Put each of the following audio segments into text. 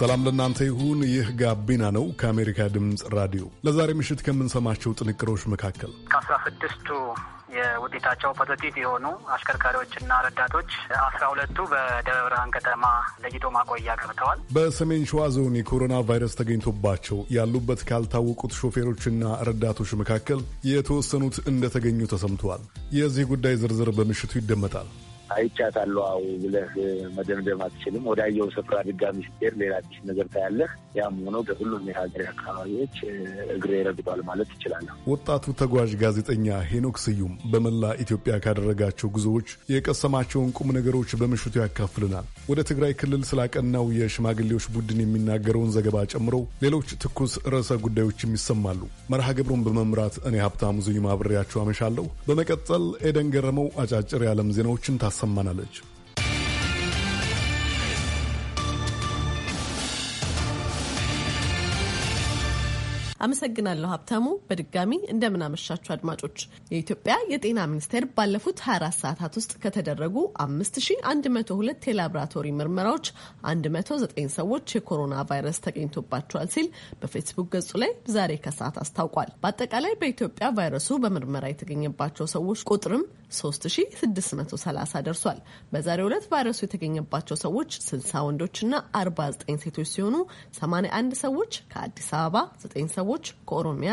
ሰላም ለእናንተ ይሁን። ይህ ጋቢና ነው ከአሜሪካ ድምፅ ራዲዮ። ለዛሬ ምሽት ከምንሰማቸው ጥንቅሮች መካከል ከአስራ ስድስቱ የውጤታቸው ፖዘቲቭ የሆኑ አሽከርካሪዎችና ረዳቶች አስራ ሁለቱ በደብረ ብርሃን ከተማ ለይቶ ማቆያ ገብተዋል። በሰሜን ሸዋ ዞን የኮሮና ቫይረስ ተገኝቶባቸው ያሉበት ካልታወቁት ሾፌሮችና ረዳቶች መካከል የተወሰኑት እንደተገኙ ተሰምተዋል። የዚህ ጉዳይ ዝርዝር በምሽቱ ይደመጣል። አይቻታለሁ አዎ ብለህ መደምደም አትችልም። ወዳየው ስፍራ ድጋሚ ስትሄድ ሌላ አዲስ ነገር ታያለህ። ያም ሆኖ በሁሉም የሀገሬ አካባቢዎች እግሬ ረግጧል ማለት እችላለሁ። ወጣቱ ተጓዥ ጋዜጠኛ ሄኖክ ስዩም በመላ ኢትዮጵያ ካደረጋቸው ጉዞዎች የቀሰማቸውን ቁም ነገሮች በምሽቱ ያካፍልናል። ወደ ትግራይ ክልል ስላቀናው የሽማግሌዎች ቡድን የሚናገረውን ዘገባ ጨምሮ ሌሎች ትኩስ ርዕሰ ጉዳዮችም ይሰማሉ። መርሃ ግብሩን በመምራት እኔ ሀብታሙ ዝዩም አብሬያችሁ አመሻለሁ። በመቀጠል ኤደን ገረመው አጫጭር የዓለም ዜናዎችን ታስ ታሰማናለች። አመሰግናለሁ ሀብታሙ። በድጋሚ እንደምናመሻችሁ አድማጮች። የኢትዮጵያ የጤና ሚኒስቴር ባለፉት 24 ሰዓታት ውስጥ ከተደረጉ 5102 የላብራቶሪ ምርመራዎች 109 ሰዎች የኮሮና ቫይረስ ተገኝቶባቸዋል ሲል በፌስቡክ ገጹ ላይ ዛሬ ከሰዓት አስታውቋል። በአጠቃላይ በኢትዮጵያ ቫይረሱ በምርመራ የተገኘባቸው ሰዎች ቁጥርም 3630 ደርሷል። በዛሬ ዕለት ቫይረሱ የተገኘባቸው ሰዎች 60 ወንዶችና 49 ሴቶች ሲሆኑ 81 ሰዎች ከአዲስ አበባ፣ 9 ሰዎች ሰዎች ከኦሮሚያ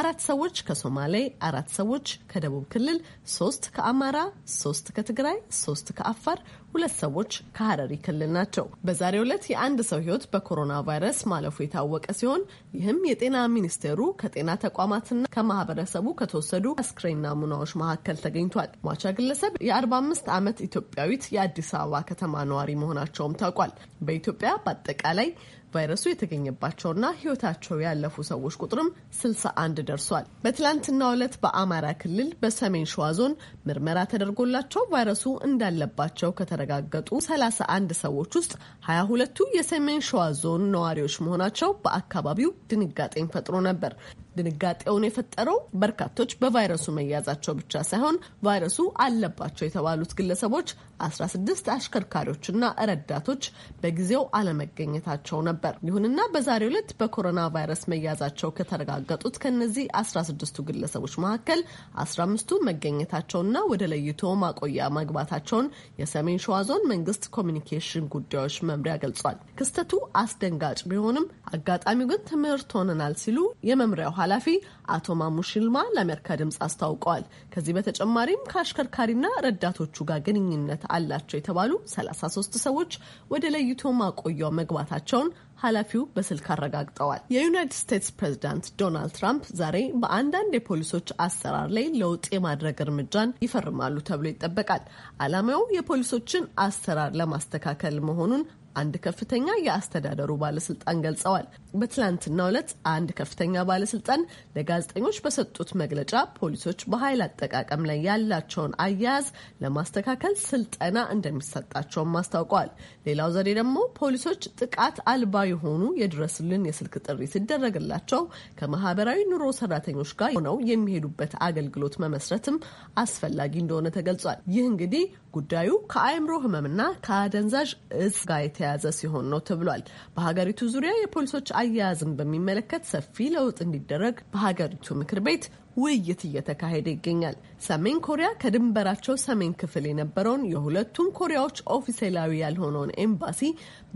አራት ሰዎች ከሶማሌ አራት ሰዎች ከደቡብ ክልል ሶስት ከአማራ ሶስት ከትግራይ ሶስት ከአፋር ሁለት ሰዎች ከሀረሪ ክልል ናቸው። በዛሬው ዕለት የአንድ ሰው ሕይወት በኮሮና ቫይረስ ማለፉ የታወቀ ሲሆን ይህም የጤና ሚኒስቴሩ ከጤና ተቋማትና ከማህበረሰቡ ከተወሰዱ አስክሬን ናሙናዎች መካከል ተገኝቷል። ሟቻ ግለሰብ የ45 ዓመት ኢትዮጵያዊት የአዲስ አበባ ከተማ ነዋሪ መሆናቸውም ታውቋል። በኢትዮጵያ በአጠቃላይ ቫይረሱ የተገኘባቸውና ህይወታቸው ያለፉ ሰዎች ቁጥርም 61 ደርሷል። በትላንትናው ዕለት በአማራ ክልል በሰሜን ሸዋ ዞን ምርመራ ተደርጎላቸው ቫይረሱ እንዳለባቸው ከተረጋገጡ 31 ሰዎች ውስጥ 22ቱ የሰሜን ሸዋ ዞን ነዋሪዎች መሆናቸው በአካባቢው ድንጋጤን ፈጥሮ ነበር። ድንጋጤውን የፈጠረው በርካቶች በቫይረሱ መያዛቸው ብቻ ሳይሆን ቫይረሱ አለባቸው የተባሉት ግለሰቦች 16 አሽከርካሪዎችና ረዳቶች በጊዜው አለመገኘታቸው ነበር። ይሁንና በዛሬው ዕለት በኮሮና ቫይረስ መያዛቸው ከተረጋገጡት ከነዚህ 16ቱ ግለሰቦች መካከል 15ቱ መገኘታቸውና ወደ ለይቶ ማቆያ መግባታቸውን የሰሜን ሸዋ ዞን መንግስት ኮሚኒኬሽን ጉዳዮች መምሪያ ገልጿል። ክስተቱ አስደንጋጭ ቢሆንም አጋጣሚው ግን ትምህርት ሆነናል ሲሉ የመምሪያው ኃላፊ አቶ ማሙ ሽልማ ለአሜሪካ ድምፅ አስታውቀዋል። ከዚህ በተጨማሪም ከአሽከርካሪና ረዳቶቹ ጋር ግንኙነት አላቸው የተባሉ 33 ሰዎች ወደ ለይቶ ማቆያው መግባታቸውን ኃላፊው በስልክ አረጋግጠዋል። የዩናይትድ ስቴትስ ፕሬዚዳንት ዶናልድ ትራምፕ ዛሬ በአንዳንድ የፖሊሶች አሰራር ላይ ለውጥ የማድረግ እርምጃን ይፈርማሉ ተብሎ ይጠበቃል። ዓላማው የፖሊሶችን አሰራር ለማስተካከል መሆኑን አንድ ከፍተኛ የአስተዳደሩ ባለስልጣን ገልጸዋል። በትላንትናው ዕለት አንድ ከፍተኛ ባለስልጣን ለጋዜጠኞች በሰጡት መግለጫ ፖሊሶች በኃይል አጠቃቀም ላይ ያላቸውን አያያዝ ለማስተካከል ስልጠና እንደሚሰጣቸውም አስታውቀዋል። ሌላው ዘዴ ደግሞ ፖሊሶች ጥቃት አልባ የሆኑ የድረስልን የስልክ ጥሪ ሲደረግላቸው ከማህበራዊ ኑሮ ሰራተኞች ጋር ሆነው የሚሄዱበት አገልግሎት መመስረትም አስፈላጊ እንደሆነ ተገልጿል። ይህ እንግዲህ ጉዳዩ ከአእምሮ ህመምና ከአደንዛዥ እጽ ጋር የተያዘ ሲሆን ነው ተብሏል። በሀገሪቱ ዙሪያ የፖሊሶች አያያዝን በሚመለከት ሰፊ ለውጥ እንዲደረግ በሀገሪቱ ምክር ቤት ውይይት እየተካሄደ ይገኛል። ሰሜን ኮሪያ ከድንበራቸው ሰሜን ክፍል የነበረውን የሁለቱም ኮሪያዎች ኦፊሴላዊ ያልሆነውን ኤምባሲ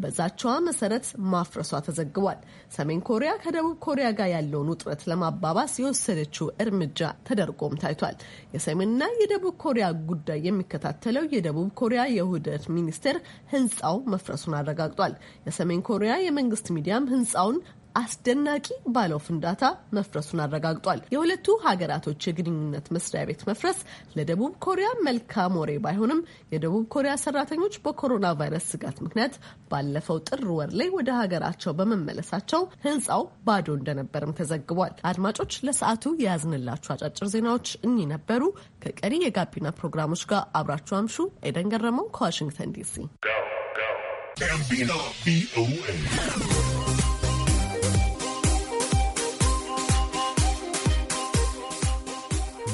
በዛቻዋ መሰረት ማፍረሷ ተዘግቧል። ሰሜን ኮሪያ ከደቡብ ኮሪያ ጋር ያለውን ውጥረት ለማባባስ የወሰደችው እርምጃ ተደርጎም ታይቷል። የሰሜንና የደቡብ ኮሪያ ጉዳይ የሚከታተለው የደቡብ ኮሪያ የውህደት ሚኒስቴር ህንፃው መፍረሱን አረጋግጧል። የሰሜን ኮሪያ የመንግስት ሚዲያም ህንፃውን አስደናቂ ባለው ፍንዳታ መፍረሱን አረጋግጧል። የሁለቱ ሀገራቶች የግንኙነት መስሪያ ቤት መፍረስ ለደቡብ ኮሪያ መልካም ወሬ ባይሆንም የደቡብ ኮሪያ ሰራተኞች በኮሮና ቫይረስ ስጋት ምክንያት ባለፈው ጥር ወር ላይ ወደ ሀገራቸው በመመለሳቸው ህንፃው ባዶ እንደነበርም ተዘግቧል። አድማጮች ለሰዓቱ የያዝንላችሁ አጫጭር ዜናዎች እኚህ ነበሩ። ከቀሪ የጋቢና ፕሮግራሞች ጋር አብራችሁ አምሹ። ኤደን ገረመው ከዋሽንግተን ዲሲ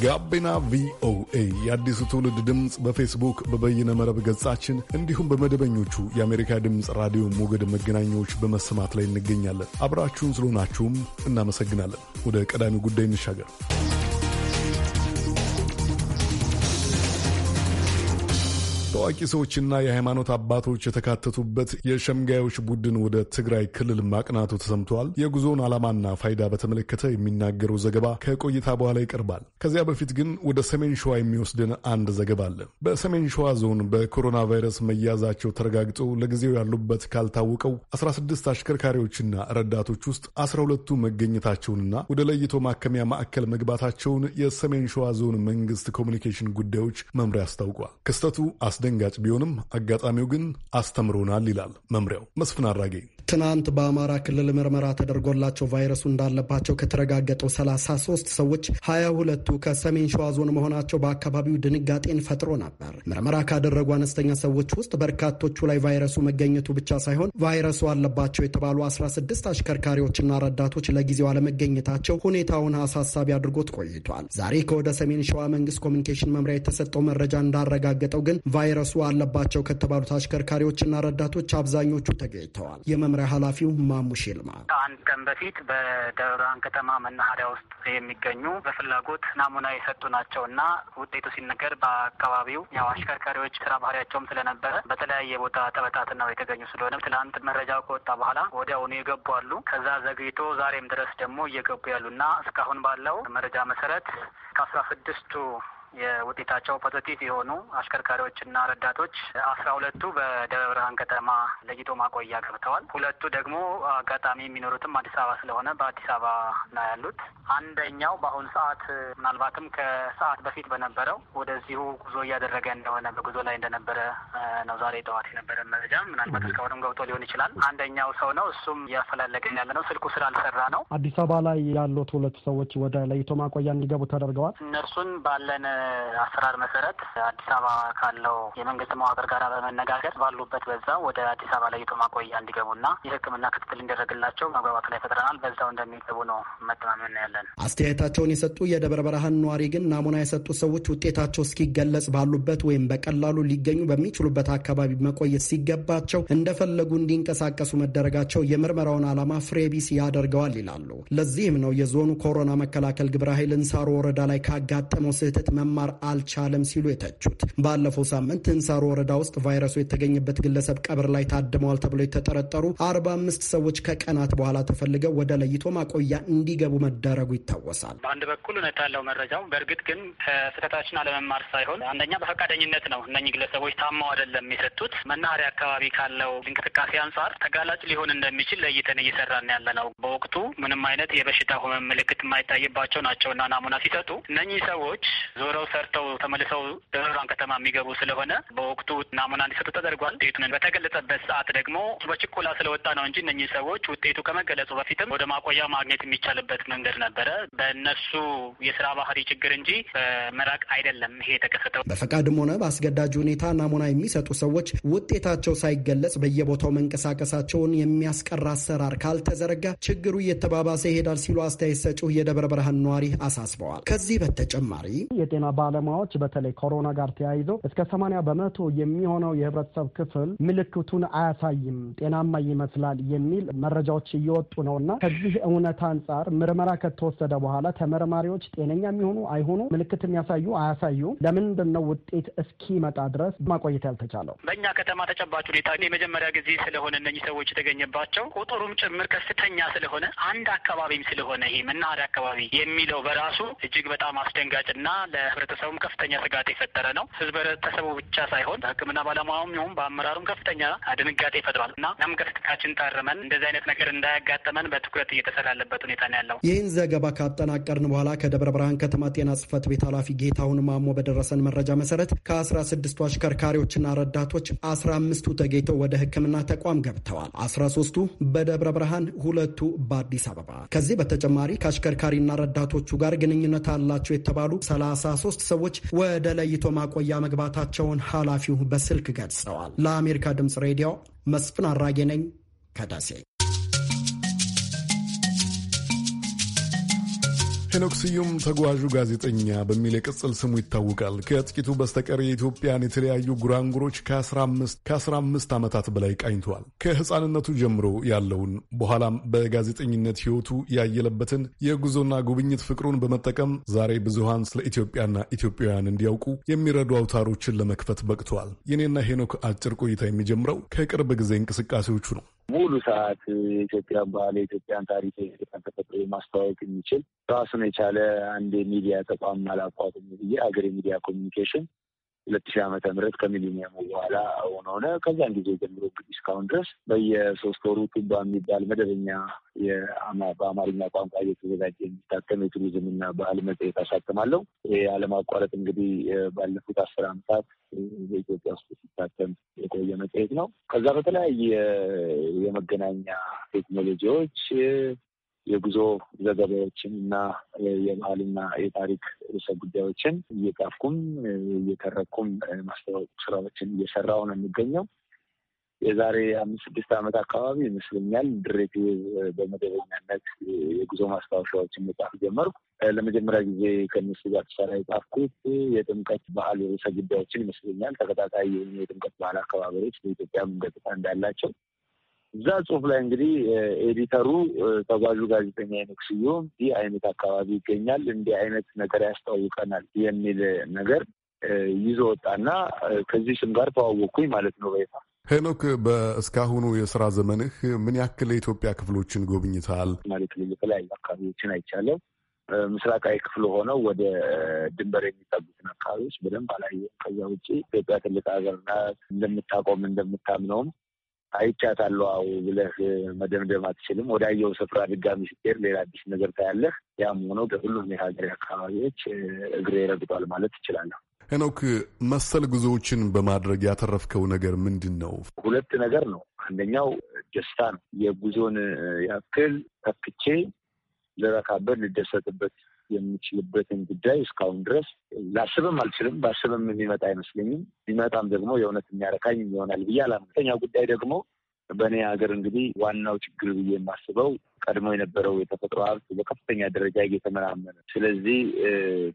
ጋቢና ቪኦኤ የአዲሱ ትውልድ ድምፅ በፌስቡክ በበይነ መረብ ገጻችን እንዲሁም በመደበኞቹ የአሜሪካ ድምፅ ራዲዮ ሞገድ መገናኛዎች በመሰማት ላይ እንገኛለን። አብራችሁን ስለሆናችሁም እናመሰግናለን። ወደ ቀዳሚ ጉዳይ እንሻገር። ታዋቂ ሰዎችና የሃይማኖት አባቶች የተካተቱበት የሸምጋዮች ቡድን ወደ ትግራይ ክልል ማቅናቱ ተሰምተዋል። የጉዞውን ዓላማና ፋይዳ በተመለከተ የሚናገረው ዘገባ ከቆይታ በኋላ ይቀርባል። ከዚያ በፊት ግን ወደ ሰሜን ሸዋ የሚወስድን አንድ ዘገባ አለ። በሰሜን ሸዋ ዞን በኮሮና ቫይረስ መያዛቸው ተረጋግጦ ለጊዜው ያሉበት ካልታወቀው 16 አሽከርካሪዎችና ረዳቶች ውስጥ 12ቱ መገኘታቸውንና ወደ ለይቶ ማከሚያ ማዕከል መግባታቸውን የሰሜን ሸዋ ዞን መንግስት ኮሚኒኬሽን ጉዳዮች መምሪያ አስታውቋል። ክስተቱ አስደ አስደንጋጭ ቢሆንም አጋጣሚው ግን አስተምሮናል ይላል መምሪያው መስፍን አራጌ ትናንት በአማራ ክልል ምርመራ ተደርጎላቸው ቫይረሱ እንዳለባቸው ከተረጋገጠው 33 ሰዎች 22ቱ ከሰሜን ሸዋ ዞን መሆናቸው በአካባቢው ድንጋጤን ፈጥሮ ነበር። ምርመራ ካደረጉ አነስተኛ ሰዎች ውስጥ በርካቶቹ ላይ ቫይረሱ መገኘቱ ብቻ ሳይሆን ቫይረሱ አለባቸው የተባሉ 16 አሽከርካሪዎችና ረዳቶች ለጊዜው አለመገኘታቸው ሁኔታውን አሳሳቢ አድርጎት ቆይቷል። ዛሬ ከወደ ሰሜን ሸዋ መንግስት ኮሚኒኬሽን መምሪያ የተሰጠው መረጃ እንዳረጋገጠው ግን ቫይረሱ አለባቸው ከተባሉት አሽከርካሪዎችና ረዳቶች አብዛኞቹ ተገኝተዋል። መምሪያ ኃላፊው ማሙሽ ይልማ ከአንድ ቀን በፊት በደብረብርሃን ከተማ መናኸሪያ ውስጥ የሚገኙ በፍላጎት ናሙና የሰጡ ናቸው እና ውጤቱ ሲነገር በአካባቢው ያው አሽከርካሪዎች ስራ ባህሪያቸውም ስለነበረ በተለያየ ቦታ ተበታትነው የተገኙ ስለሆነ ትናንት መረጃው ከወጣ በኋላ ወዲያውኑ የገቡ አሉ። ከዛ ዘግይቶ ዛሬም ድረስ ደግሞ እየገቡ ያሉና እስካሁን ባለው መረጃ መሰረት ከአስራ ስድስቱ የውጤታቸው ፖዘቲቭ የሆኑ አሽከርካሪዎችና ረዳቶች አስራ ሁለቱ በደብረ ብርሃን ከተማ ለይቶ ማቆያ ገብተዋል። ሁለቱ ደግሞ አጋጣሚ የሚኖሩትም አዲስ አበባ ስለሆነ በአዲስ አበባ ነው ያሉት። አንደኛው በአሁኑ ሰዓት ምናልባትም ከሰዓት በፊት በነበረው ወደዚሁ ጉዞ እያደረገ እንደሆነ በጉዞ ላይ እንደነበረ ነው ዛሬ ጠዋት የነበረ መረጃ። ምናልባት እስካሁንም ገብቶ ሊሆን ይችላል። አንደኛው ሰው ነው፣ እሱም እያፈላለገን ያለ ነው። ስልኩ ስላልሰራ ነው። አዲስ አበባ ላይ ያሉት ሁለት ሰዎች ወደ ለይቶ ማቆያ እንዲገቡ ተደርገዋል። እነርሱን ባለን አሰራር መሰረት አዲስ አበባ ካለው የመንግስት መዋቅር ጋር በመነጋገር ባሉበት በዛ ወደ አዲስ አበባ ለይቶ ማቆያ እንዲገቡና የሕክምና ክትትል እንዲደረግላቸው መግባባት ላይ ፈጥረናል። በዛው እንደሚገቡ ነው መተማመን ያለን። አስተያየታቸውን የሰጡ የደብረ ብርሃን ነዋሪ ግን ናሙና የሰጡ ሰዎች ውጤታቸው እስኪገለጽ ባሉበት ወይም በቀላሉ ሊገኙ በሚችሉበት አካባቢ መቆየት ሲገባቸው እንደፈለጉ እንዲንቀሳቀሱ መደረጋቸው የምርመራውን ዓላማ ፍሬቢስ ያደርገዋል ይላሉ። ለዚህም ነው የዞኑ ኮሮና መከላከል ግብረ ኃይል እንሳሮ ወረዳ ላይ ካጋጠመው ስህተት መ መማር አልቻለም ሲሉ የተቹት ባለፈው ሳምንት እንሳሮ ወረዳ ውስጥ ቫይረሱ የተገኘበት ግለሰብ ቀብር ላይ ታድመዋል ተብሎ የተጠረጠሩ አርባ አምስት ሰዎች ከቀናት በኋላ ተፈልገው ወደ ለይቶ ማቆያ እንዲገቡ መደረጉ ይታወሳል። በአንድ በኩል እውነት ያለው መረጃው በእርግጥ ግን ከስህተታችን አለመማር ሳይሆን አንደኛ በፈቃደኝነት ነው። እነኚህ ግለሰቦች ታማው አይደለም የሰጡት መናኸሪያ አካባቢ ካለው እንቅስቃሴ አንጻር ተጋላጭ ሊሆን እንደሚችል ለይተን እየሰራን ያለ ነው። በወቅቱ ምንም አይነት የበሽታ ህመም ምልክት የማይታይባቸው ናቸውና ናሙና ሲሰጡ እነኚህ ሰዎች ዞረ ሄደው ሰርተው ተመልሰው ደብረብርሃን ከተማ የሚገቡ ስለሆነ በወቅቱ ናሙና እንዲሰጡ ተደርጓል። ውጤቱን በተገለጸበት ሰዓት ደግሞ በችኮላ ስለወጣ ነው እንጂ እነኚህ ሰዎች ውጤቱ ከመገለጹ በፊትም ወደ ማቆያ ማግኘት የሚቻልበት መንገድ ነበረ። በእነሱ የስራ ባህሪ ችግር እንጂ በመራቅ አይደለም ይሄ የተከሰተው። በፈቃድም ሆነ በአስገዳጅ ሁኔታ ናሙና የሚሰጡ ሰዎች ውጤታቸው ሳይገለጽ በየቦታው መንቀሳቀሳቸውን የሚያስቀራ አሰራር ካልተዘረጋ ችግሩ እየተባባሰ ይሄዳል ሲሉ አስተያየት ሰጪው የደብረ ብርሃን ነዋሪ አሳስበዋል። ከዚህ በተጨማሪ የጤና ባለሙያዎች በተለይ ኮሮና ጋር ተያይዘው እስከ ሰማንያ በመቶ የሚሆነው የህብረተሰብ ክፍል ምልክቱን አያሳይም፣ ጤናማ ይመስላል የሚል መረጃዎች እየወጡ ነው እና ከዚህ እውነት አንጻር ምርመራ ከተወሰደ በኋላ ተመርማሪዎች ጤነኛ የሚሆኑ አይሆኑ፣ ምልክት የሚያሳዩ አያሳዩ፣ ለምንድን ነው ውጤት እስኪመጣ ድረስ ማቆየት ያልተቻለው? በእኛ ከተማ ተጨባጭ ሁኔታ የመጀመሪያ ጊዜ ስለሆነ እነኚህ ሰዎች የተገኘባቸው ቁጥሩም ጭምር ከፍተኛ ስለሆነ አንድ አካባቢም ስለሆነ ይሄ መናኸሪያ አካባቢ የሚለው በራሱ እጅግ በጣም አስደንጋጭና ለህብረተሰቡም ከፍተኛ ስጋት የፈጠረ ነው። ህብረተሰቡ ብቻ ሳይሆን በህክምና ባለሙያውም ይሁን በአመራሩም ከፍተኛ ድንጋጤ ፈጥሯል እና ናም ከስጋታችን ታርመን እንደዚህ አይነት ነገር እንዳያጋጠመን በትኩረት እየተሰራ ያለበት ሁኔታ ነው ያለው። ይህን ዘገባ ካጠናቀርን በኋላ ከደብረ ብርሃን ከተማ ጤና ጽህፈት ቤት ኃላፊ ጌታሁን ማሞ በደረሰን መረጃ መሰረት ከአስራ ስድስቱ አሽከርካሪዎችና ረዳቶች አስራ አምስቱ ተገኝተው ወደ ህክምና ተቋም ገብተዋል። አስራ ሶስቱ በደብረ ብርሃን፣ ሁለቱ በአዲስ አበባ። ከዚህ በተጨማሪ ከአሽከርካሪና ረዳቶቹ ጋር ግንኙነት አላቸው የተባሉ ሰላሳ 13 ሰዎች ወደ ለይቶ ማቆያ መግባታቸውን ኃላፊው በስልክ ገልጸዋል። ለአሜሪካ ድምፅ ሬዲዮ መስፍን አራጌ ነኝ ከደሴ። ሄኖክ ስዩም ተጓዡ ጋዜጠኛ በሚል የቅጽል ስሙ ይታወቃል። ከጥቂቱ በስተቀር የኢትዮጵያን የተለያዩ ጉራንጉሮች ከ15 ዓመታት በላይ ቃኝተዋል። ከሕፃንነቱ ጀምሮ ያለውን በኋላም በጋዜጠኝነት ሕይወቱ ያየለበትን የጉዞና ጉብኝት ፍቅሩን በመጠቀም ዛሬ ብዙሃን ስለ ኢትዮጵያና ኢትዮጵያውያን እንዲያውቁ የሚረዱ አውታሮችን ለመክፈት በቅተዋል። የኔና ሄኖክ አጭር ቆይታ የሚጀምረው ከቅርብ ጊዜ እንቅስቃሴዎቹ ነው። ሙሉ ሰዓት የኢትዮጵያን ባህል፣ የኢትዮጵያን ታሪክ፣ የኢትዮጵያን ተፈጥሮ ማስተዋወቅ የሚችል ራሱን የቻለ አንድ የሚዲያ ተቋም አላቋቁም ብዬ ሀገር የሚዲያ ኮሚኒኬሽን ሁለት ሺህ ዓመተ ምህረት ከሚሊኒየሙ በኋላ ሆነ ሆነ ከዚያን ጊዜ ጀምሮ እንግዲህ እስካሁን ድረስ በየሶስት ወሩ ቱባ የሚባል መደበኛ በአማርኛ ቋንቋ እየተዘጋጀ የሚታተም የቱሪዝምና ባህል መጽሔት አሳትማለሁ። ይህ አለማቋረጥ እንግዲህ ባለፉት አስር ዓመታት በኢትዮጵያ ውስጥ ሲታተም የቆየ መጽሔት ነው። ከዛ በተለያየ የመገናኛ ቴክኖሎጂዎች የጉዞ ዘገባዎችን እና የባህልና የታሪክ ርዕሰ ጉዳዮችን እየጻፍኩም እየተረኩም ማስታወቅ ስራዎችን እየሰራሁ ነው የሚገኘው። የዛሬ አምስት ስድስት ዓመት አካባቢ ይመስለኛል ድሬት በመደበኛነት የጉዞ ማስታወሻዎችን መጽሐፍ ጀመርኩ። ለመጀመሪያ ጊዜ ከነሱ ጋር ተሰራ የጻፍኩት የጥምቀት በዓል ርዕሰ ጉዳዮችን ይመስለኛል። ተከታታይ የሆኑ የጥምቀት በዓል አከባበሮች በኢትዮጵያ ገጽታ እንዳላቸው እዛ ጽሁፍ ላይ እንግዲህ ኤዲተሩ ተጓዡ ጋዜጠኛ አይነት ስዩም ይህ አይነት አካባቢ ይገኛል እንዲህ አይነት ነገር ያስተዋውቀናል የሚል ነገር ይዞ ወጣና ከዚህ ስም ጋር ተዋወቅኩኝ ማለት ነው በይፋ። ሄኖክ በእስካሁኑ የስራ ዘመንህ ምን ያክል የኢትዮጵያ ክፍሎችን ጎብኝተሃል? ማለት የተለያዩ አካባቢዎችን አይቻለሁ። ምስራቃዊ ክፍል ሆነው ወደ ድንበር የሚጠጉትን አካባቢዎች በደንብ አላየሁም። ከዚያ ውጭ ኢትዮጵያ ትልቅ ሀገርና እንደምታቆም እንደምታምነውም አይቻታለሁ ብለህ መደምደም አትችልም። ወዳየው ስፍራ ድጋሚ ስትሄድ ሌላ አዲስ ነገር ታያለህ። ያም ሆኖ በሁሉም የሀገር አካባቢዎች እግሬ ረግጧል ማለት እችላለሁ። ሄኖክ፣ መሰል ጉዞዎችን በማድረግ ያተረፍከው ነገር ምንድን ነው? ሁለት ነገር ነው። አንደኛው ደስታ ነው። የጉዞን ያክል ተክቼ ልረካበት ልደሰትበት የሚችልበትን ጉዳይ እስካሁን ድረስ ላስብም አልችልም። ባስብም የሚመጣ አይመስለኝም። ቢመጣም ደግሞ የእውነት የሚያረካኝ ይሆናል ብዬ አላምተኛ ጉዳይ ደግሞ በእኔ ሀገር እንግዲህ ዋናው ችግር ብዬ የማስበው ቀድሞ የነበረው የተፈጥሮ ሀብት በከፍተኛ ደረጃ እየተመናመነ፣ ስለዚህ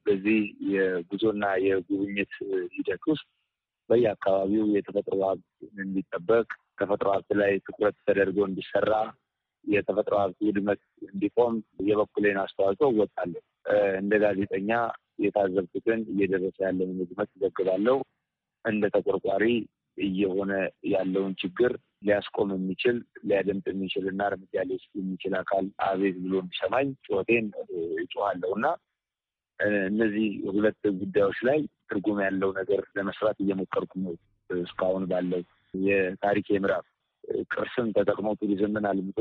በዚህ የጉዞና የጉብኝት ሂደት ውስጥ በየአካባቢው የተፈጥሮ ሀብት እንዲጠበቅ፣ ተፈጥሮ ሀብት ላይ ትኩረት ተደርጎ እንዲሰራ፣ የተፈጥሮ ሀብት ውድመት እንዲቆም የበኩሌን አስተዋጽኦ እወጣለሁ። እንደ ጋዜጠኛ የታዘብኩትን እየደረሰ ያለውን ህዝመት ዘግባለሁ። እንደ ተቆርቋሪ እየሆነ ያለውን ችግር ሊያስቆም የሚችል ሊያደምጥ የሚችል እና እርምጃ ሊወስድ የሚችል አካል አቤት ብሎ እንዲሰማኝ ጩኸቴን እጮኋለሁ እና እነዚህ ሁለት ጉዳዮች ላይ ትርጉም ያለው ነገር ለመስራት እየሞከርኩ ነው። እስካሁን ባለው የታሪክ የምዕራፍ ቅርስን ተጠቅሞ ቱሪዝምን አልምጦ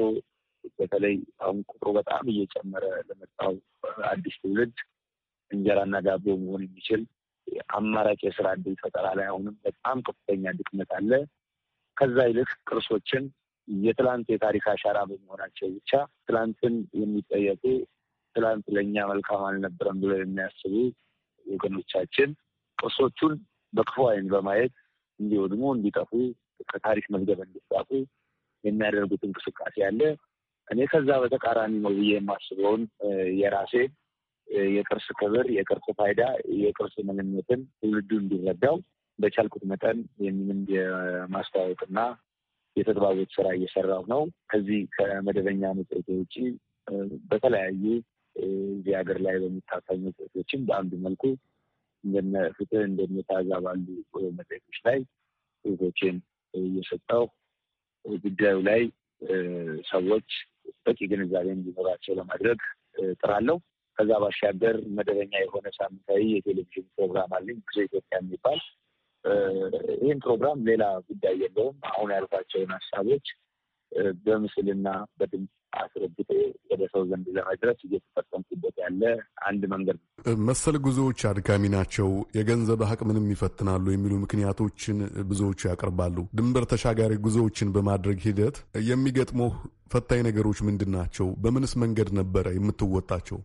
በተለይ አሁን ቁጥሩ በጣም እየጨመረ ለመጣው አዲስ ትውልድ እንጀራና ዳቦ መሆን የሚችል አማራጭ የስራ እድል ፈጠራ ላይ አሁንም በጣም ከፍተኛ ድክመት አለ። ከዛ ይልቅ ቅርሶችን የትላንት የታሪክ አሻራ በመሆናቸው ብቻ ትላንትን የሚጠየቁ ትላንት ለእኛ መልካም አልነበረም ብለው የሚያስቡ ወገኖቻችን ቅርሶቹን በክፉ ዓይን በማየት እንዲወድሙ፣ እንዲጠፉ፣ ከታሪክ መዝገብ እንዲጻፉ የሚያደርጉት እንቅስቃሴ አለ። እኔ ከዛ በተቃራኒ ነው ብዬ የማስበውን የራሴ የቅርስ ክብር፣ የቅርስ ፋይዳ፣ የቅርስ ምንነትን ትውልዱ እንዲረዳው በቻልኩት መጠን የምንም የማስተዋወቅና የተግባቦት ስራ እየሰራው ነው። ከዚህ ከመደበኛ መጽሔት ውጭ በተለያዩ እዚህ ሀገር ላይ በሚታተሙ መጽሔቶችም በአንዱ መልኩ እንደነ ፍትህ እንደነ ታዛ ባሉ መጽሔቶች ላይ ጽሁፎችን እየሰጠው ጉዳዩ ላይ ሰዎች በቂ ግንዛቤ እንዲኖራቸው ለማድረግ ጥራለሁ። ከዛ ባሻገር መደበኛ የሆነ ሳምንታዊ የቴሌቪዥን ፕሮግራም አለኝ ብዙ ኢትዮጵያ የሚባል ይህም ፕሮግራም ሌላ ጉዳይ የለውም። አሁን ያልኳቸውን ሀሳቦች በምስልና በድምፅ አስረግጤ ወደ ሰው ዘንድ ለመድረስ እየተጠቀምኩበት ያለ አንድ መንገድ ነው። መሰል ጉዞዎች አድካሚ ናቸው፣ የገንዘብ አቅምንም ይፈትናሉ የሚሉ ምክንያቶችን ብዙዎቹ ያቀርባሉ። ድንበር ተሻጋሪ ጉዞዎችን በማድረግ ሂደት የሚገጥመው ፈታኝ ነገሮች ምንድን ናቸው? በምንስ መንገድ ነበረ የምትወጣቸው?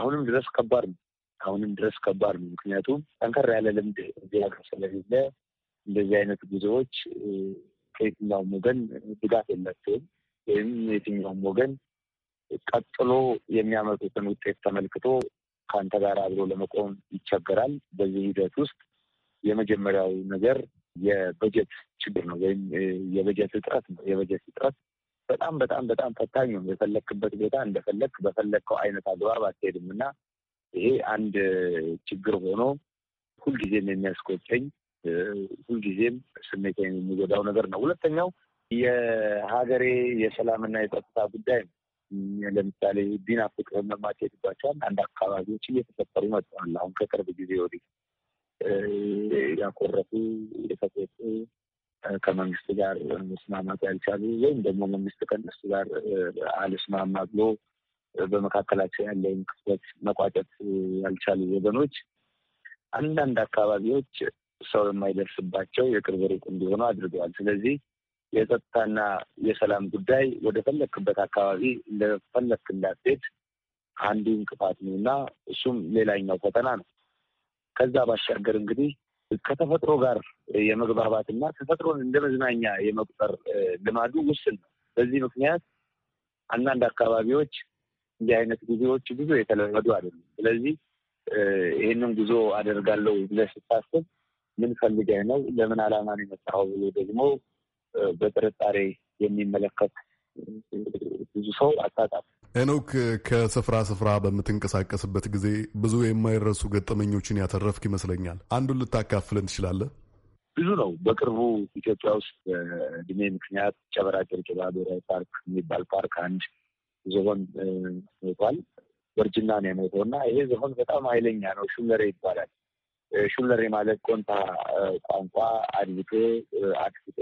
አሁንም ድረስ ከባድ ነው። አሁንም ድረስ ከባድ ነው። ምክንያቱም ጠንከር ያለ ልምድ እዚህ ሀገር ስለሌለ እንደዚህ አይነት ጉዞዎች ከየትኛውም ወገን ጉዳት የላቸውም ወይም የትኛውም ወገን ቀጥሎ የሚያመጡትን ውጤት ተመልክቶ ከአንተ ጋር አብሮ ለመቆም ይቸገራል። በዚህ ሂደት ውስጥ የመጀመሪያው ነገር የበጀት ችግር ነው ወይም የበጀት እጥረት ነው። የበጀት እጥረት በጣም በጣም በጣም ፈታኝ ነው። የፈለግክበት ቦታ እንደፈለግ በፈለግከው አይነት አግባብ አትሄድም እና ይሄ አንድ ችግር ሆኖ ሁልጊዜም የሚያስቆጨኝ ሁልጊዜም ስሜት የሚጎዳው ነገር ነው። ሁለተኛው የሀገሬ የሰላምና የጸጥታ ጉዳይ ነው። ለምሳሌ ዲና ፍቅር መማቸሄድባቸዋል አንድ አካባቢዎች እየተፈጠሩ መጥተዋል። አሁን ከቅርብ ጊዜ ወዲህ ያኮረፉ የተቆጡ ከመንግስት ጋር መስማማት ያልቻሉ ወይም ደግሞ መንግስት ከነሱ ጋር አልስማማ ብሎ በመካከላቸው ያለውን ክፍተት መቋጨት ያልቻሉ ወገኖች አንዳንድ አካባቢዎች ሰው የማይደርስባቸው የቅርብ ሩቅ እንዲሆኑ አድርገዋል። ስለዚህ የጸጥታና የሰላም ጉዳይ ወደ ፈለክበት አካባቢ እንደፈለክ እንዳትሄድ አንዱ እንቅፋት ነው እና እሱም ሌላኛው ፈተና ነው። ከዛ ባሻገር እንግዲህ ከተፈጥሮ ጋር የመግባባትና ተፈጥሮን እንደ መዝናኛ የመቁጠር ልማዱ ውስን ነው። በዚህ ምክንያት አንዳንድ አካባቢዎች እንዲህ አይነት ጉዞዎች ብዙ የተለመዱ አይደሉም። ስለዚህ ይህንን ጉዞ አደርጋለሁ ብለህ ስታስብ ምን ፈልገህ ነው፣ ለምን ዓላማ ነው የመጣኸው ብሎ ደግሞ በጥርጣሬ የሚመለከት ብዙ ሰው አታጣም። ሄኖክ፣ ከስፍራ ስፍራ በምትንቀሳቀስበት ጊዜ ብዙ የማይረሱ ገጠመኞችን ያተረፍክ ይመስለኛል። አንዱን ልታካፍለን ትችላለህ? ብዙ ነው። በቅርቡ ኢትዮጵያ ውስጥ እድሜ ምክንያት ጨበራ ጩርጩራ ብሔራዊ ፓርክ የሚባል ፓርክ አንድ ዝሆን ሞቷል። ወርጅና ነው የሞተው እና ይሄ ዝሆን በጣም ኃይለኛ ነው። ሹመሬ ይባላል። ሹለሬ ማለት ቆንታ ቋንቋ አድብቶ አድፍጦ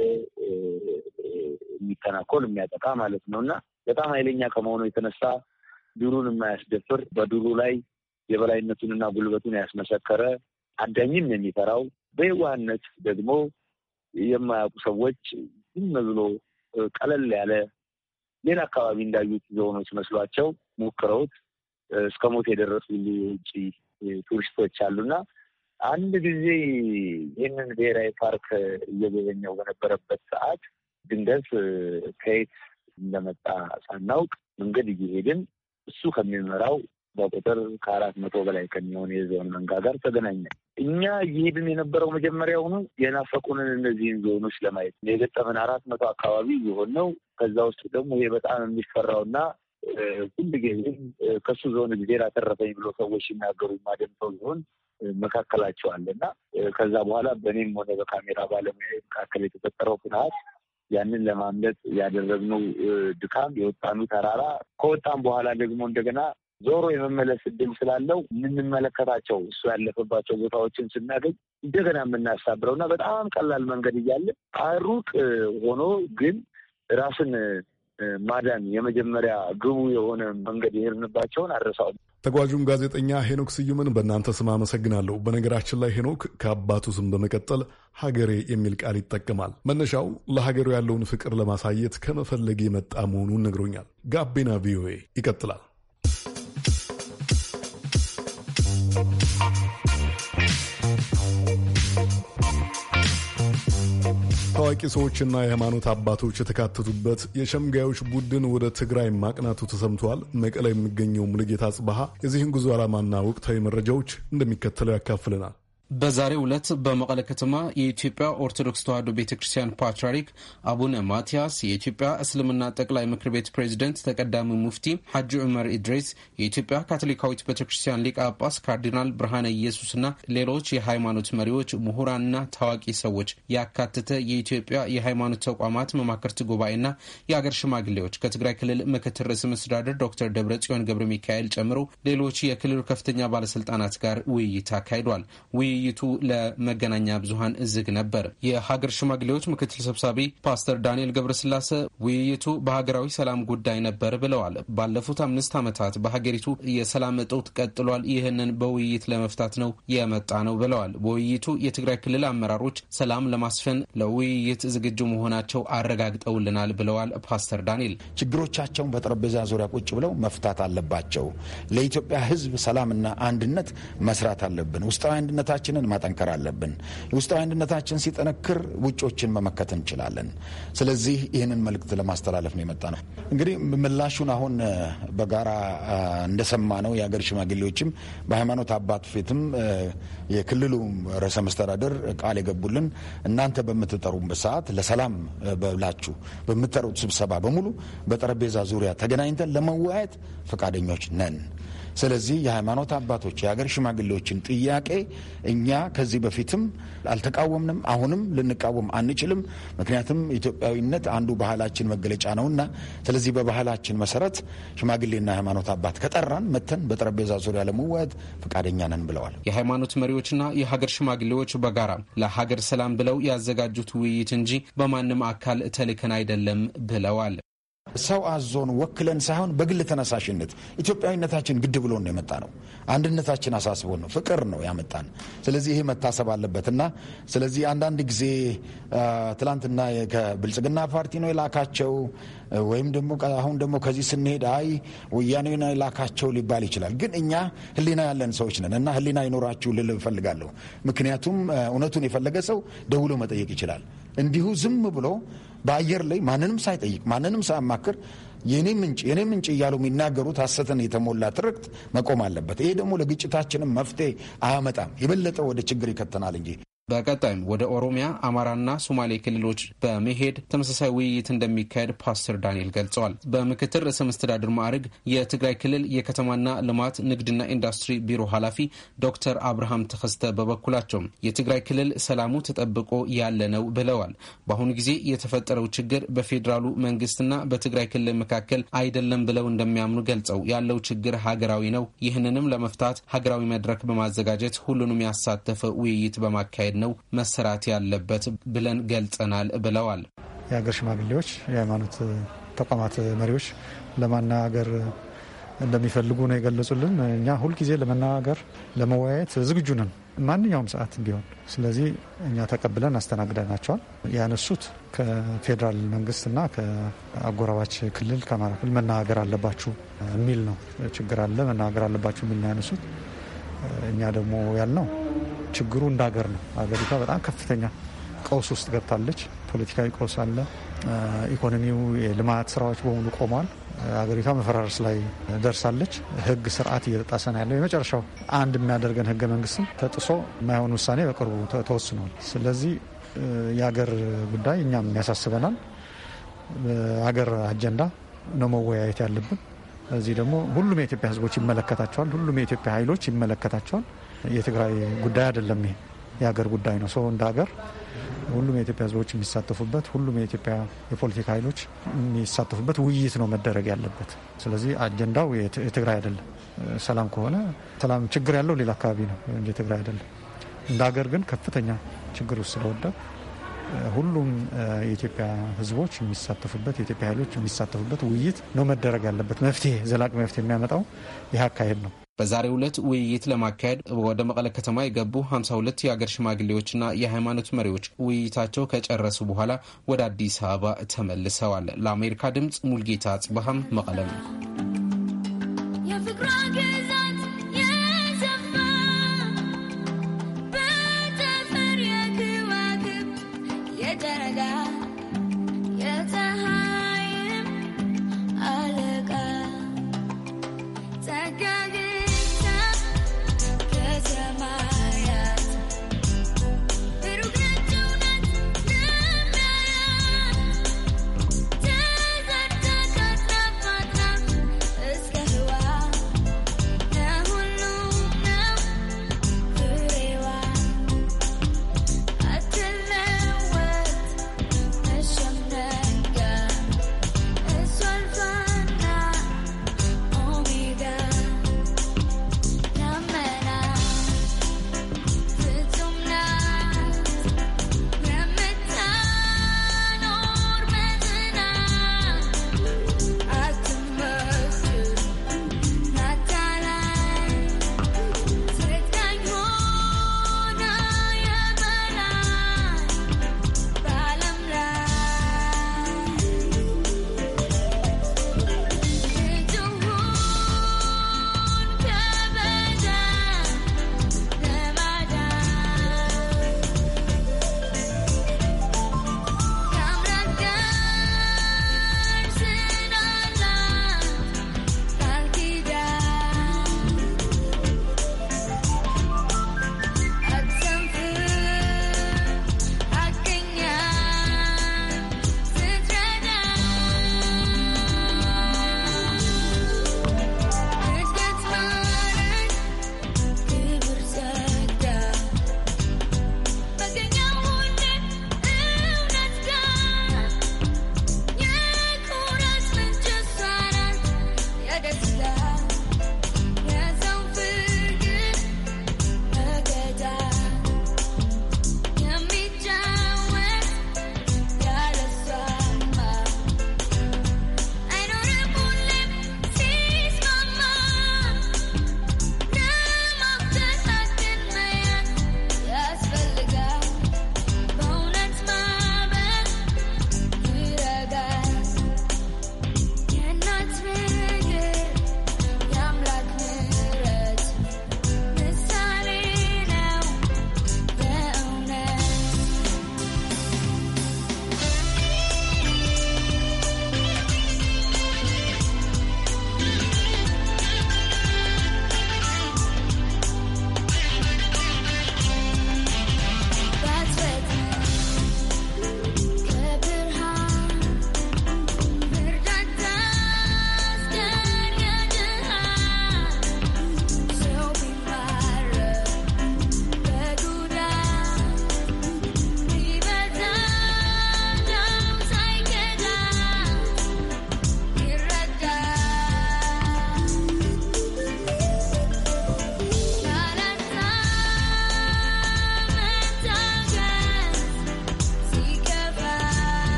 የሚተናኮል የሚያጠቃ ማለት ነው እና በጣም ኃይለኛ ከመሆኑ የተነሳ ዱሩን የማያስደፍር በዱሩ ላይ የበላይነቱንና ጉልበቱን ያስመሰከረ አዳኝም የሚፈራው በየዋህነት ደግሞ የማያውቁ ሰዎች ዝም ብሎ ቀለል ያለ ሌላ አካባቢ እንዳዩት ዝሆኖች መስሏቸው ሞክረውት እስከ ሞት የደረሱ ውጭ ቱሪስቶች አሉና አንድ ጊዜ ይህንን ብሔራዊ ፓርክ እየጎበኘው በነበረበት ሰዓት ድንገት ከየት እንደመጣ ሳናውቅ መንገድ እየሄድን እሱ ከሚመራው በቁጥር ከአራት መቶ በላይ ከሚሆን የዞን መንጋ ጋር ተገናኘ። እኛ እየሄድን የነበረው መጀመሪያውኑ የናፈቁንን እነዚህን ዞኖች ለማየት የገጠመን አራት መቶ አካባቢ የሆን ነው። ከዛ ውስጥ ደግሞ ይሄ በጣም የሚፈራውና ጊዜ ከሱ ዞን ጊዜ ላተረፈኝ ብሎ ሰዎች ሲናገሩ ማደምጠው ዞን መካከላቸው አለ እና ከዛ በኋላ በእኔም ሆነ በካሜራ ባለሙያ መካከል የተፈጠረው ፍርሃት ያንን ለማምለጥ ያደረግነው ድካም የወጣኑ ተራራ ከወጣም በኋላ ደግሞ እንደገና ዞሮ የመመለስ እድል ስላለው የምንመለከታቸው እሱ ያለፈባቸው ቦታዎችን ስናገኝ እንደገና የምናሳብረው እና በጣም ቀላል መንገድ እያለ ሩቅ ሆኖ ግን ራስን ማዳን የመጀመሪያ ግቡ የሆነ መንገድ የሄድንባቸውን አረሳው። ተጓዡን ጋዜጠኛ ሄኖክ ስዩምን በእናንተ ስም አመሰግናለሁ። በነገራችን ላይ ሄኖክ ከአባቱ ስም በመቀጠል ሀገሬ የሚል ቃል ይጠቀማል። መነሻው ለሀገሩ ያለውን ፍቅር ለማሳየት ከመፈለግ የመጣ መሆኑን ነግሮኛል። ጋቢና ቪኦኤ ይቀጥላል። ታዋቂ ሰዎችና የሃይማኖት አባቶች የተካተቱበት የሸምጋዮች ቡድን ወደ ትግራይ ማቅናቱ ተሰምተዋል። መቀለ የሚገኘው ሙልጌታ ጽበሃ የዚህን ጉዞ ዓላማና ወቅታዊ መረጃዎች እንደሚከተለው ያካፍልናል። በዛሬው ዕለት በመቀለ ከተማ የኢትዮጵያ ኦርቶዶክስ ተዋሕዶ ቤተ ክርስቲያን ፓትርያርክ አቡነ ማትያስ፣ የኢትዮጵያ እስልምና ጠቅላይ ምክር ቤት ፕሬዚደንት ተቀዳሚ ሙፍቲ ሐጂ ዑመር ኢድሬስ፣ የኢትዮጵያ ካቶሊካዊት ቤተ ክርስቲያን ሊቀ ጳጳስ ካርዲናል ብርሃነ ኢየሱስና ሌሎች የሃይማኖት መሪዎች፣ ምሁራንና ታዋቂ ሰዎች ያካተተ የኢትዮጵያ የሃይማኖት ተቋማት መማክርት ጉባኤና የአገር ሽማግሌዎች ከትግራይ ክልል ምክትል ርዕሰ መስተዳድር ዶክተር ደብረ ጽዮን ገብረ ሚካኤል ጨምሮ ሌሎች የክልሉ ከፍተኛ ባለስልጣናት ጋር ውይይት አካሂዷል። ውይይቱ ለመገናኛ ብዙሀን ዝግ ነበር። የሀገር ሽማግሌዎች ምክትል ሰብሳቢ ፓስተር ዳንኤል ገብረስላሴ ውይይቱ በሀገራዊ ሰላም ጉዳይ ነበር ብለዋል። ባለፉት አምስት ዓመታት በሀገሪቱ የሰላም እጦት ቀጥሏል። ይህንን በውይይት ለመፍታት ነው የመጣ ነው ብለዋል። በውይይቱ የትግራይ ክልል አመራሮች ሰላም ለማስፈን ለውይይት ዝግጁ መሆናቸው አረጋግጠውልናል ብለዋል ፓስተር ዳንኤል ችግሮቻቸውን በጠረጴዛ ዙሪያ ቁጭ ብለው መፍታት አለባቸው። ለኢትዮጵያ ሕዝብ ሰላምና አንድነት መስራት አለብን። ውስጣዊ አንድነታ አንድነታችንን ማጠንከር አለብን። የውስጣዊ አንድነታችን ሲጠነክር ውጮችን መመከት እንችላለን። ስለዚህ ይህንን መልእክት ለማስተላለፍ ነው የመጣ ነው። እንግዲህ ምላሹን አሁን በጋራ እንደሰማ ነው የሀገር ሽማግሌዎችም በሃይማኖት አባት ፊትም የክልሉ ርዕሰ መስተዳደር ቃል የገቡልን እናንተ በምትጠሩበት ሰዓት ለሰላም በላችሁ በምትጠሩት ስብሰባ በሙሉ በጠረጴዛ ዙሪያ ተገናኝተን ለመወያየት ፈቃደኞች ነን ስለዚህ የሃይማኖት አባቶች፣ የሀገር ሽማግሌዎችን ጥያቄ እኛ ከዚህ በፊትም አልተቃወምንም፣ አሁንም ልንቃወም አንችልም። ምክንያቱም ኢትዮጵያዊነት አንዱ ባህላችን መገለጫ ነውና፣ ስለዚህ በባህላችን መሰረት ሽማግሌና ሃይማኖት አባት ከጠራን መተን በጠረጴዛ ዙሪያ ለመወያየት ፈቃደኛ ነን ብለዋል። የሃይማኖት መሪዎችና የሀገር ሽማግሌዎች በጋራ ለሀገር ሰላም ብለው ያዘጋጁት ውይይት እንጂ በማንም አካል ተልከን አይደለም ብለዋል። ሰው አዞን ወክለን ሳይሆን በግል ተነሳሽነት ኢትዮጵያዊነታችን ግድ ብሎን ነው የመጣ ነው። አንድነታችን አሳስቦ ነው፣ ፍቅር ነው ያመጣን። ስለዚህ ይሄ መታሰብ አለበት እና ስለዚህ አንዳንድ ጊዜ ትላንትና ከብልጽግና ፓርቲ ነው የላካቸው ወይም ደግሞ አሁን ደግሞ ከዚህ ስንሄድ አይ ወያኔ ነው የላካቸው ሊባል ይችላል። ግን እኛ ሕሊና ያለን ሰዎች ነን እና ሕሊና ይኖራችሁ ልል እፈልጋለሁ። ምክንያቱም እውነቱን የፈለገ ሰው ደውሎ መጠየቅ ይችላል። እንዲሁ ዝም ብሎ በአየር ላይ ማንንም ሳይጠይቅ ማንንም ሳያማክር የኔ ምንጭ የኔ ምንጭ እያሉ የሚናገሩት ሀሰትን የተሞላ ትርክት መቆም አለበት። ይሄ ደግሞ ለግጭታችንም መፍትሄ አያመጣም፣ የበለጠ ወደ ችግር ይከተናል እንጂ በቀጣይም ወደ ኦሮሚያ፣ አማራና ሶማሌ ክልሎች በመሄድ ተመሳሳይ ውይይት እንደሚካሄድ ፓስተር ዳንኤል ገልጸዋል። በምክትል ርዕሰ መስተዳድር ማዕረግ የትግራይ ክልል የከተማና ልማት ንግድና ኢንዱስትሪ ቢሮ ኃላፊ ዶክተር አብርሃም ተከስተ በበኩላቸው የትግራይ ክልል ሰላሙ ተጠብቆ ያለ ነው ብለዋል። በአሁኑ ጊዜ የተፈጠረው ችግር በፌዴራሉ መንግስትና በትግራይ ክልል መካከል አይደለም ብለው እንደሚያምኑ ገልጸው ያለው ችግር ሀገራዊ ነው። ይህንንም ለመፍታት ሀገራዊ መድረክ በማዘጋጀት ሁሉንም ያሳተፈ ውይይት በማካሄድ አካሄድ ነው መሰራት ያለበት ብለን ገልጸናል ብለዋል። የሀገር ሽማግሌዎች፣ የሃይማኖት ተቋማት መሪዎች ለማናገር እንደሚፈልጉ ነው የገለጹልን። እኛ ሁልጊዜ ለመናገር ለመወያየት ዝግጁ ነን ማንኛውም ሰዓት ቢሆን። ስለዚህ እኛ ተቀብለን አስተናግደናቸዋል። ያነሱት ከፌዴራል መንግስትና ከአጎራባች ክልል ከአማራ ክልል መናገር አለባችሁ የሚል ነው። ችግር አለ መናገር አለባችሁ የሚል ነው ያነሱት። እኛ ደግሞ ያልነው ችግሩ እንደ ሀገር ነው። ሀገሪቷ በጣም ከፍተኛ ቀውስ ውስጥ ገብታለች። ፖለቲካዊ ቀውስ አለ። ኢኮኖሚው፣ የልማት ስራዎች በሙሉ ቆመዋል። ሀገሪቷ መፈራረስ ላይ ደርሳለች። ህግ ስርዓት እየተጣሰ ነው ያለው። የመጨረሻው አንድ የሚያደርገን ህገ መንግስትም ተጥሶ የማይሆን ውሳኔ በቅርቡ ተወስኗል። ስለዚህ የሀገር ጉዳይ እኛም ያሳስበናል። በሀገር አጀንዳ ነው መወያየት ያለብን። እዚህ ደግሞ ሁሉም የኢትዮጵያ ህዝቦች ይመለከታቸዋል። ሁሉም የኢትዮጵያ ኃይሎች ይመለከታቸዋል። የትግራይ ጉዳይ አይደለም። ይሄ የሀገር ጉዳይ ነው። ሰው እንደ ሀገር ሁሉም የኢትዮጵያ ሕዝቦች የሚሳተፉበት ሁሉም የኢትዮጵያ የፖለቲካ ኃይሎች የሚሳተፉበት ውይይት ነው መደረግ ያለበት። ስለዚህ አጀንዳው የትግራይ አይደለም። ሰላም ከሆነ ሰላም ችግር ያለው ሌላ አካባቢ ነው እንጂ የትግራይ አይደለም። እንደ ሀገር ግን ከፍተኛ ችግር ውስጥ ስለወደቅ ሁሉም የኢትዮጵያ ህዝቦች የሚሳተፉበት የኢትዮጵያ ኃይሎች የሚሳተፉበት ውይይት ነው መደረግ ያለበት። መፍትሄ ዘላቂ መፍትሄ የሚያመጣው ይህ አካሄድ ነው። በዛሬው ዕለት ውይይት ለማካሄድ ወደ መቀለ ከተማ የገቡ 52 የአገር ሽማግሌዎችና የሃይማኖት መሪዎች ውይይታቸው ከጨረሱ በኋላ ወደ አዲስ አበባ ተመልሰዋል። ለአሜሪካ ድምፅ ሙልጌታ አጽበሃም መቀለ ነው።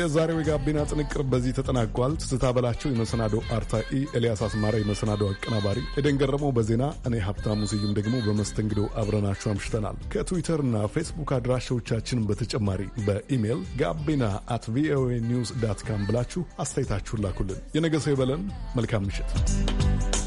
የዛሬው የጋቢና ጥንቅር በዚህ ተጠናቋል። ትዝታ በላቸው የመሰናዶ አርታኢ፣ ኤልያስ አስማራ የመሰናዶ አቀናባሪ፣ ኤደን ገረመው በዜና እኔ ሀብታሙ ስዩም ደግሞ በመስተንግዶ አብረናችሁ አምሽተናል። ከትዊተርና ፌስቡክ አድራሻዎቻችን በተጨማሪ በኢሜይል ጋቢና አት ቪኦኤ ኒውስ ዳት ካም ብላችሁ አስተያየታችሁን ላኩልን። የነገ ሰው ይበለን። መልካም ምሽት።